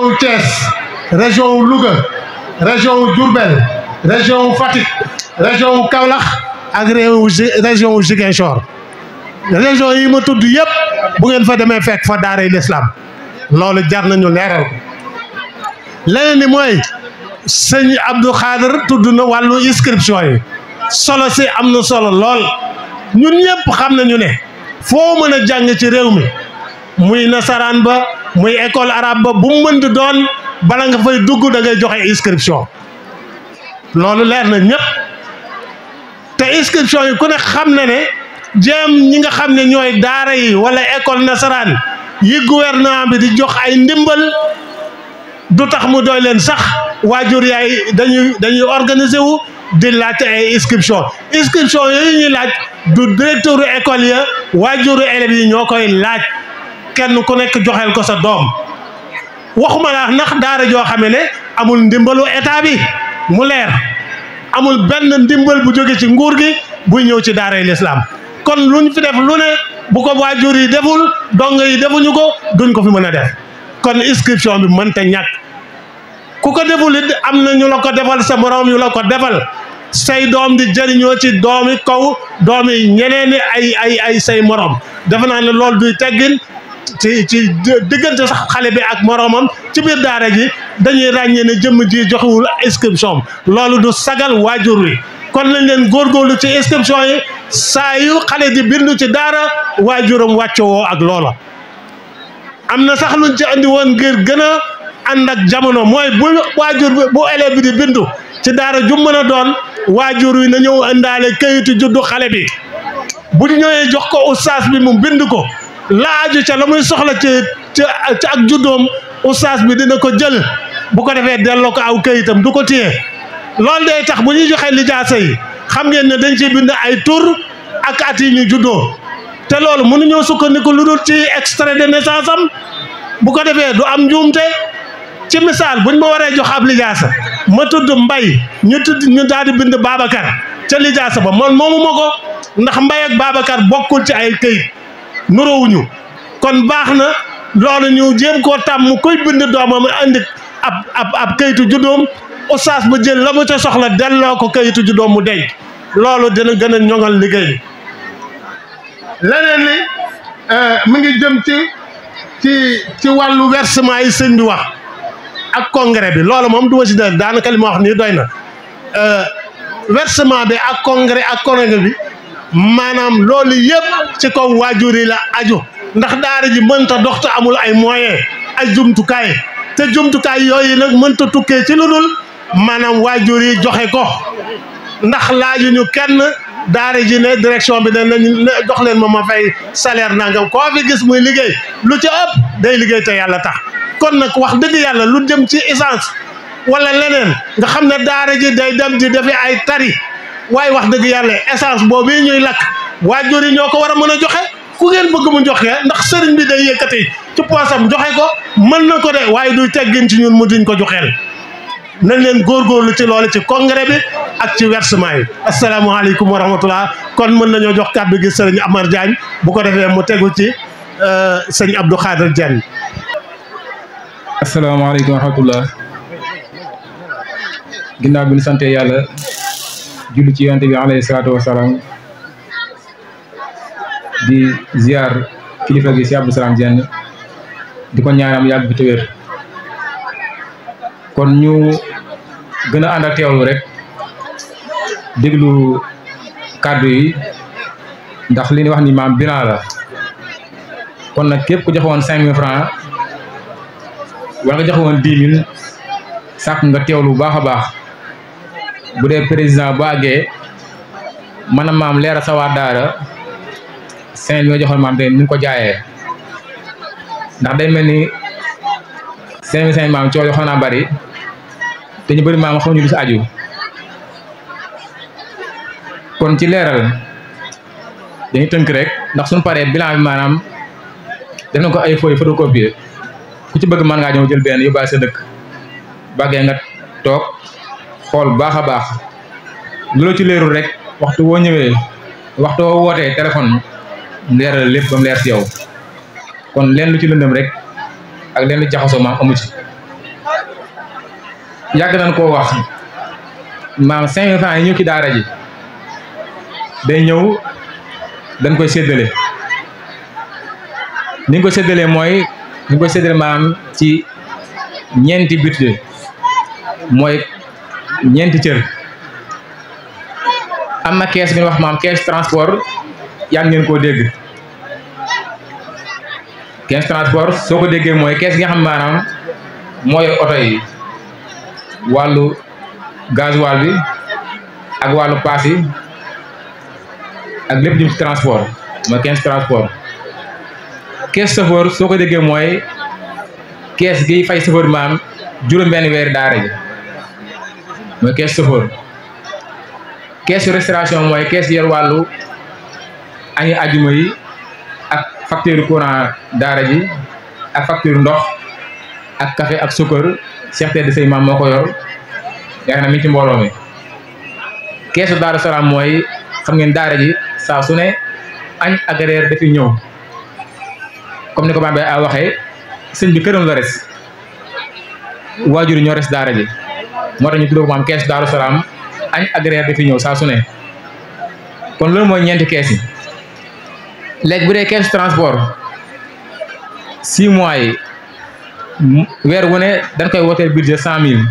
wu Thiès région wu Louga région wu Diourbel région wu Fatick région wu Kaolack ak réew région wu Ziguinchor région yi ma tudd yëpp bu ngeen fa demee fekk fa daaray l'islam loolu jar nañu leeral leneen ni mooy sëñ Abdou Khader tudd na wàllu inscription yi solo si am na solo lool ñun ñëpp xam nañu ne foo mën a jàng ci réew mi muy nasaraan ba muy école arabe ba bu mu mën di doon bala nga fay dugg dangay joxe inscription loolu leer na ñëpp te inscription yi ku ne xam na ne jéem ñi nga xam ne ñooy daara yi wala école nasaraan yi gouvernement bi di jox ay ndimbal du tax mu doy leen sax waajur yaay dañuy dañuy organiser wu di laajte ay inscription inscription yooyu ñuy laaj du directeur école ya waajuru élèves yi ñoo koy laaj kenn ku nekk joxeel ko sa doom waxuma laa ndax daara joo xame ne amul ndimbalu état bi mu leer amul benn ndimbal bu jóge ci nguur gi buy ñëw ci daara yi lislaam kon luñ fi def lu ne bu ko waajur yi deful dong yi defuñu ko duñ ko fi mën a def kon inscription bi mënta ñàkk ku ko deful am na ñu la ko defal sa moroom yu la ko defal say doom di jariñoo ci doomi kaw doomi ñeneen ay ay ay say moroom defe naa duy teggin ci ci diggante sax xale bi ak moroomam ci biir daara ji dañuy ràññee ne jëmm ji joxewul inscription loolu du sagal waajur wi kon nañ leen góorgóorlu ci inscription yi saa yu xale di bindu ci daara waajuram wàccowoo ak loola am na sax luñ ci andi woon ngir gën a ànd ak jamono mooy bu waajur bi bu élève bi di bindu ci daara ju mën a doon waajur wi na ñëw àndaale kayitu juddu xale bi bu ñu ñëwee jox ko ustaas bi mu bind ko laaju ca la muy soxla ci ca ak juddoom ustaas bi dina ko jël bu ko defee delloo ko aw këyitam du ko téye loolu day tax bu ñuy joxee lijaasa yi xam ngeen ne dañ ciy bind ay tur ak at yi ñu juddoo te loolu ñëw sukkandiku lu dul ci extrait de naissance am bu ko defee du am njuumte ci misaal buñ ma waree jox ab lijaasa ma tudd mbay ñu tudd ñu daal di bind Babacar ca lijaasa ba man moomu ma ko ndax mbay ak Babacar bokkul ci ay këyit nuroowuñu kon baax na loolu ñu jéem koo tàmm koy bind doomam indi ab ab ab kayitu juddoom oustaz ba jël la mu ca soxla delloo ko kayitu juddoom mu denc loolu dina gën a ñoŋal liggéey leneen li euh, mi ngi jëm ci ci ci wàllu versement yi sëñ bi wax ak congrès bi loolu moom du ma si dal daanaka li ma wax nii doy na euh, versement bi ak congrès ak congrès bi maanaam loolu yëpp ci kaw waajur yi la aju ndax daara ji mënta dox te amul ay moyen ay jumtukaay te jumtukaay yooyu nag mënta tukkee ci lu dul maanaam waajur yi joxe ko ndax laajuñu kenn daara ji ne direction bi ne nañ jox leen ma ma fay salaire nangam koo fi gis muy liggéey lu ci ëpp day liggéey te yàlla tax kon nag wax dëgg yàlla lu jëm ci essence wala leneen nga xam ne daara ji day dem ji defi ay tari waaye wax dëgg yàlla essange boobu ñuy lakk waajur yi ñoo ko war a mën a joxe ku ngeen bëgg mu joxe ndax sëriñ bi day yëkkati ci poosam joxe ko mën na ko de waaye duy teggin ci ñun mu duñ ko joxeel nañ leen góorgóorlu ci loolu ci congrès bi ak ci versement yi asalaamaaleykum wa rahmatullah kon mën nañoo jox kàddu gis sëriñ Amar Diagne bu ko defee mu tegu ci euh, sëñ Abdou Khader Diagne. asalaamaaleykum wa rahmatullah ginnaaw bi ñu sante yàlla. julli ci yantabi alayhi salatu wassalam di ziar kilifa gi si Abdou Salam jenn diko ko ñaanam yàgg bi te kon ñu gëna and ak tewlu rek deglu kaddu yi ndax li ni wax ni maam bina la kon nak kep ku joxewon 5000 francs wala nga joxewoon dix mille nga tewlu baaxa baax bu dee président bu àggee man a maam leer a sawaa daara cinq millions maam te ñu ko jaayee ndax day mel ni cinq mille cinq maam coow yi naa bari te ñu bëri maam xamuñu lu si aju kon ci leeral dañuy tënk rek ndax suñu paree bilan maanaam def na ko ay feuille photocopier ku ci bëgg mën ngaa ñëw jël benn yóbbaale sa dëkk bàggee nga toog xool baax a baax lu ci leerul rek waxtu woo ñëwee waxtu woo wootee téléphone leeral lépp ba mu leer si yow kon leen lu ci lëndëm rek ak leen lu jaxasoo maam amu ci yàgg nañ koo wax maam cinq mille francs yi ñëw ci daara ji day ñëw dañ koy séddale ni ñu ko séddalee mooy ni ñu ko séddale maam ci ñeenti but mooy ñeenti cër am na kees bi wax maam kees transport yàgg ngeen ko dégg kees transport soo ko déggee mooy kees gi nga xam maanaam mooy oto yi wàllu gasoil bi ak wàllu paas ak lépp jëm ci transport mooy kees transport kees chauffeur soo ko déggee mooy kees gi fay chauffeur maam juróom-benn weer daara ji mooy kees sëfoor keesu restauration mooy kees yor wàllu añi ajuma yi ak facture courant daara ji ak facture ndox ak kafe ak sukkër seexte de say maam moo ko yor yaakaar naa mi ci mbooloo mi keesu Daaru mooy xam ngeen daara ji saa su ne añ ak reer ñëw comme ni ko Bambey a waxee sëñ bi këram la res waajur ñoo res daara moo tax ñu tuddee ko maam kees Daaru Salaam añ ak di fi ñëw saa su ne kon loolu mooy ñeenti kees yi léegi bu dee kees transport six mois yi weer wu ne dañ koy wooteel budget cent mille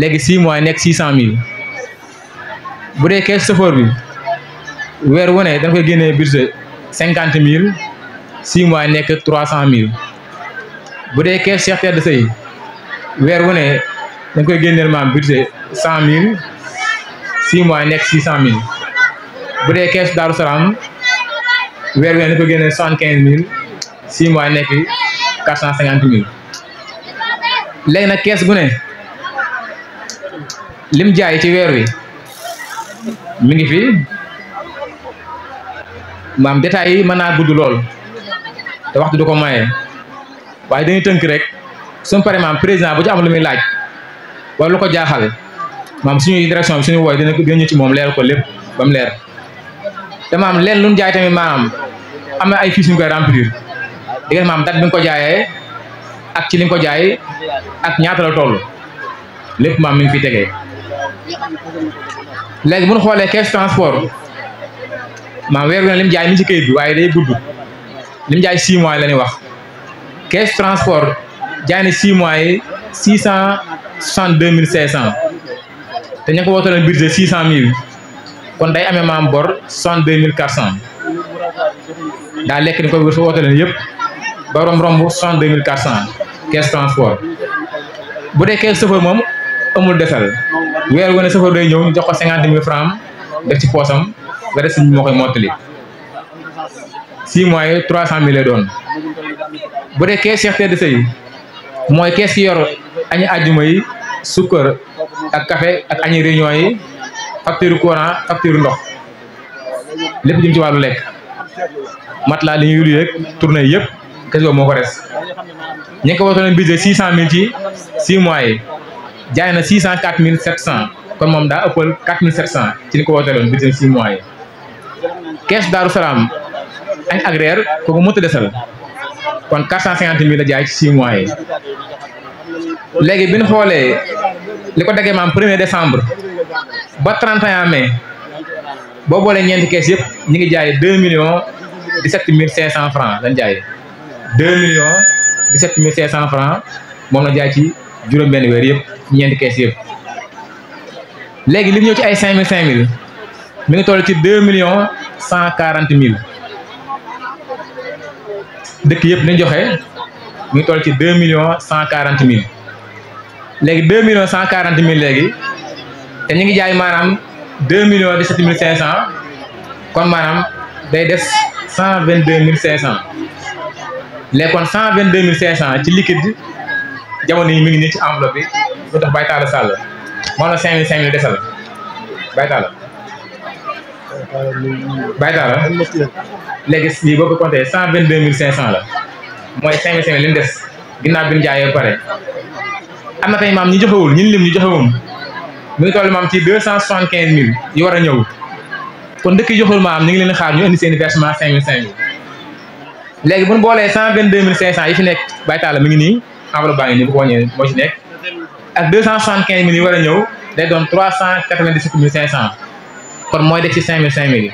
léegi six mois yi nekk six cent mille bu dee kees chauffeur bi weer wu ne dañ koy cinquante mille six mois nekk trois cent mille bu dee kees secrétaire de sëy weer wu ne dañ koy génneel maam budget cent mille six mois nekk six cent mil bu dee kees Daaru Salaam weer wi dañ ko génneel soixante quinze mille six mois nekk quatre cent cinquante mille léegi nag kees gu ne lim jaay ci weer wi mi ngi fi maam détails yi mën naa gudd lool te waxtu du ko maye waaye dañuy tënk rek suñu pare maam président bu ci am lu muy laaj wala lu ko jaaxal maam suñuy direction suñu wooy dina dinañu ci moom leer ko lépp ba mu leer te maam leen lu jaay tamit maanaam am na ay fiches yu ñu koy remplir di nga maam date bi nga ko jaayee ak ci li nga ko jaay ak ñaata la toll lépp maam mi ngi fi tegee léegi bu xoolee caisse transport maam weer wi ne jaay mi ci këyit bi waaye day gudd li jaay six mois la wax caisse transport jaay na six mois yi six soixante deux mille cinq cent te ña ko wootaloon budget six cent mille kon day amee maam bor cent deux mille quatre cent daa lekk ni ko so wootaloon yëpp ba romb romb soixante deux mille quatre cent caisse transport bu dee caisse chauffeur moom amul desal weer wu ne chauffeur day ñëw jox ko cinquante mille def ci poosam le reste moo koy mottali six mois trois cent mille lay doon bu dee caisse chef de sey mooy caisse yor añi àjjuma yi sukkar ak café ak añi réunion yi facture courant facture ndox lépp jëm ci wàllu lekk matelas li ñuy luyeeg tournée yëpp kese boobu moo ko res ñi ngi ko waxoon budget six cent mille ci six mois yi jaay na six cent quatre mille sept cent kon moom daa ëppal quatre mille sept cent ci ni ko wooteeloon budget six mois yi kees daaru salaam añ ak reer kooku mënta desal kon quatre cent cinquante mille la jaay six mois yi léegi bi xoolee li ko degee maam 1er décembre ba 31 mai boo boolee ñeenti kees yëpp ñu ngi jaay 2 millions 17 mille 500 francs lañ deux 2 millions 17 mille 500 francs moom na jaay ci juróom-benn weer yëpp ñeent kees yëpp léegi li ñëw ci ay cinq 5000 mi ngi toll ci 2 millions 140 mille dëkk yëpp ni joxe mi ngi toll ci 2 millions 140 mille. léegi deux millions cent quarante mille léegi te ñu ngi jaay maanaam deux millions dix sept mille cinq cent kon maanaam day des cent vingt deux mille cinq cent léegi cent vingt deux mille cinq cent ci liquide jamono yi mi ngi nii ci enveloppe bi tax Baye Talla Sall moom la cinq mille cinq mille desal Baye Talla Baye Talla léegi lii boo ko compté cent vingt deux mille cinq cent la mooy cinq mille cinq mille li des ginnaaw bi mu jaayee ba pare am na tey maam ñu joxewul ñun lim ñu joxewul mi ngi toll maam ci deux cent soixante quinze mille yu war a ñëw kon dëkk yi joxul maam ñu ngi leen xaar ñu indi seen i versement cinq mille cinq léegi bu boolee cent vingt deux mille cinq cent yi fi nekk baytaala mi ngi nii enveloppe baa ngi nii bu ko wàññee moo ci nekk ak deux cent soixante quinze mille yi war a ñëw day doon trois cent quatre vingt dix sept mille cinq cent kon mooy de ci cinq mille cinq mille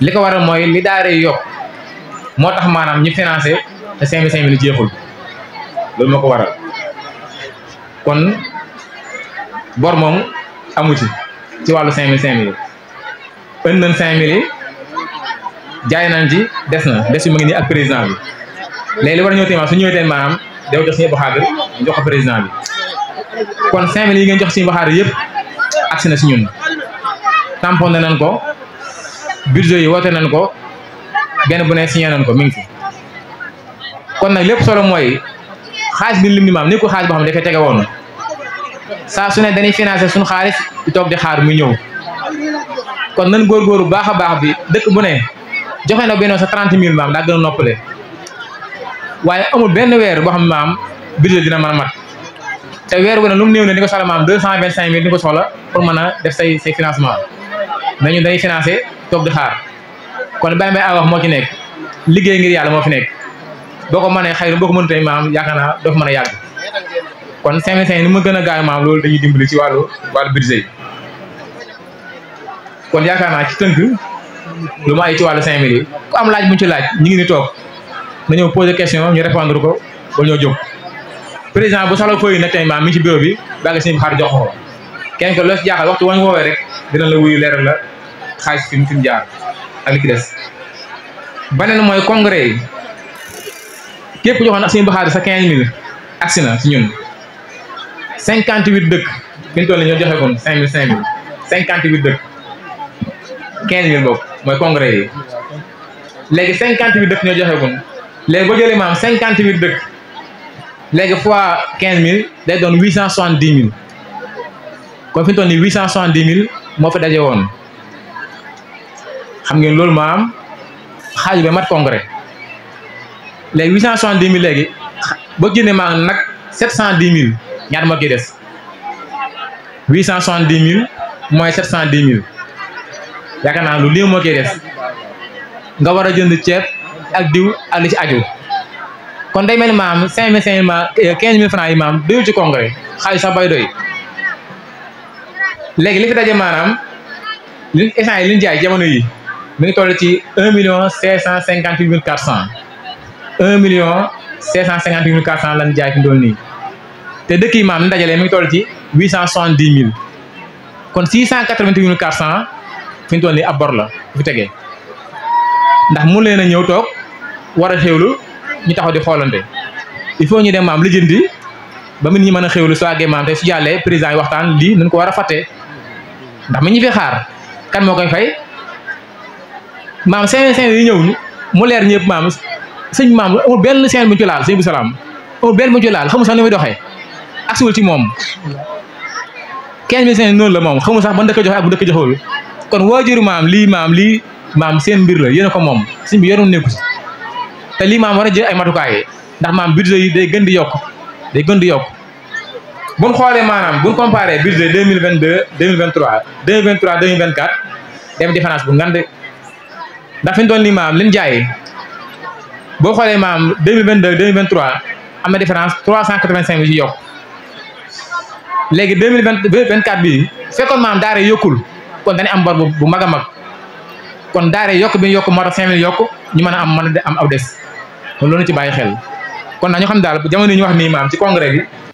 li ko waral mooy li daara yi yokk moo tax maanaam ñu financé te cinq mil cinq mille loolu moo ko waral. kon bor moom amu ci ci wàllu cinq mille cinq mille ën nañ cinq mille yi jaay nañ ci des na des yu ma ngi nii ak président bi léegi li war a ñëw téeméer su ñëwee teen maanaam day jox suñu baxaadir jox ko président bi kon cinq mille yi nga jox suñu baxaadir yëpp agsi na si ñun na nañ ko budget yi woote nañ ko benn bu ne signé nañ ko mi ngi fi kon nag lépp solo mooy xaalis bi lim limaam nekkul xaalis boo xam ne dafay tege saa su ne dañuy financé suñu xaalis toog di xaar mu ñëw kon nan góorgóoru baax a baax bi dëkk bu ne joxe na benn sa trente mille maam daa gën a noppale waaye amul benn weer boo xam ne maam budget dina mën a mat te weer wu ne lu mu néew ne di ko soxla maam deux cent vingt cinq mille di ko soxla pour mën a def say say ma mais ñun dañuy financé toog di xaar kon bàyyi may a wax moo ci nekk liggéey ngir yàlla moo fi nekk boo ko mënee xëy na boo ko mënut a maam yaakaar naa doo fa a kon cinq mille cinq ni ma gën a gaaw maam loolu dañuy dimbali ci wàllu wàllu budget kon yaakaar naa ci tënk lu ma ci wàllu cinq mille am laaj bu ci laaj ñi ngi ni toog nañoo poser question ñu répondre ko ba ñoo jóg président bu salo fooyu nag tey maam mi ci bureau bi baa ngi suñu xaar jox ko kenn ko loo si waxtu wañ woowee rek dina la wuyu leeral la xaalis fi mu jaar ak des beneen mooy congrès képp joxoon nag suñu baxaari sa quinze mille agsi na si ñun cinquante huit dëkk fi ñu ñoo joxe kon cinq mille cinq mille cinquante huit dëkk quinze mille boobu mooy congrès yi léegi cinquante huit dëkk ñoo joxe kon léegi boo jëlee maam cinquante huit dëkk léegi fois quinze mille day doon huit cent soixante dix mille kon fi ñu toll nii huit cent soixante dix mille moo fa dajee woon xam ngeen loolu maam xaaj ba mat congrès léegi huit cent cent dix mille léegi boo génnee nag sept cent dix mille ñaar moo koy des huit cent soixante-dix mille mooy sept cent dix mille yaakaar naa lu lii moo koy des nga war a jënd ceeb ak diw ak li ci aju kon day mel ni maam cinq mille cinq mille ma euh, quinze mille francs yi maam doyul ci congrès xaalis sax bay doy léegi li fi daje maanaam li essence yi li ñu jaay jamono yi mi ngi toll ci un million cinq cent cinquante huit mille quatre cent un million cinq cent cinquante mille quatre cent lan jaay fi dool nii te dëkk maam ni dajalee mi ngi toll ci huit cent kon six cent quatre vingt mille quatre fi ñu toll nii ab bor la fi tegee ndax mu leen a ñëw toog war a xéwlu ñu taxaw di xoolante il faut ñu dem maam lijjanti ba mu ñu mën a xéwlu soo àggee maam te su jàllee président yi waxtaan lii nañ ko war a fàtte ndax mi ñu fi xaar kan moo koy fay maam cinq cinq yi ñëw mu leer ñëpp maam sëñ maam amul benn seen bu ñu ci laal sëñ bu salaam amul benn bu ñu ci laal xamul sax ni muy doxee ak siwul ci moom quinze mille cinq noonu la moom xamul sax ban dëkk joxe ak bu dëkk joxewul kon waajuru maam lii maam lii maam seen mbir la yéen a ko moom sëñ bi yoonu nekku si te lii maam war a jël ay matukaay ndax maam budget yi day gën di yokk day gën di yokk bu ñu xoolee maanaam bu ñu comparé budget deux mille vingt deux deux mille vingt trois deux mille vingt trois deux mille vingt quatre dem différence bu ngand ndax fi ñu doon lii maam liñ jaayee boo xoolee maam 2022 2023 am na différence 385 bi ci yokk léegi vingt 2024 bi fekkoon maam daara yokkul kon dañu am bor bu mag a mag kon daara yokk bi yokk moo tax 5000 yokk ñu mën a am mën a am aw des loolu ci bàyyi xel kon naa nañu xam daal jamono yi ñu wax nii maam ci congrès bi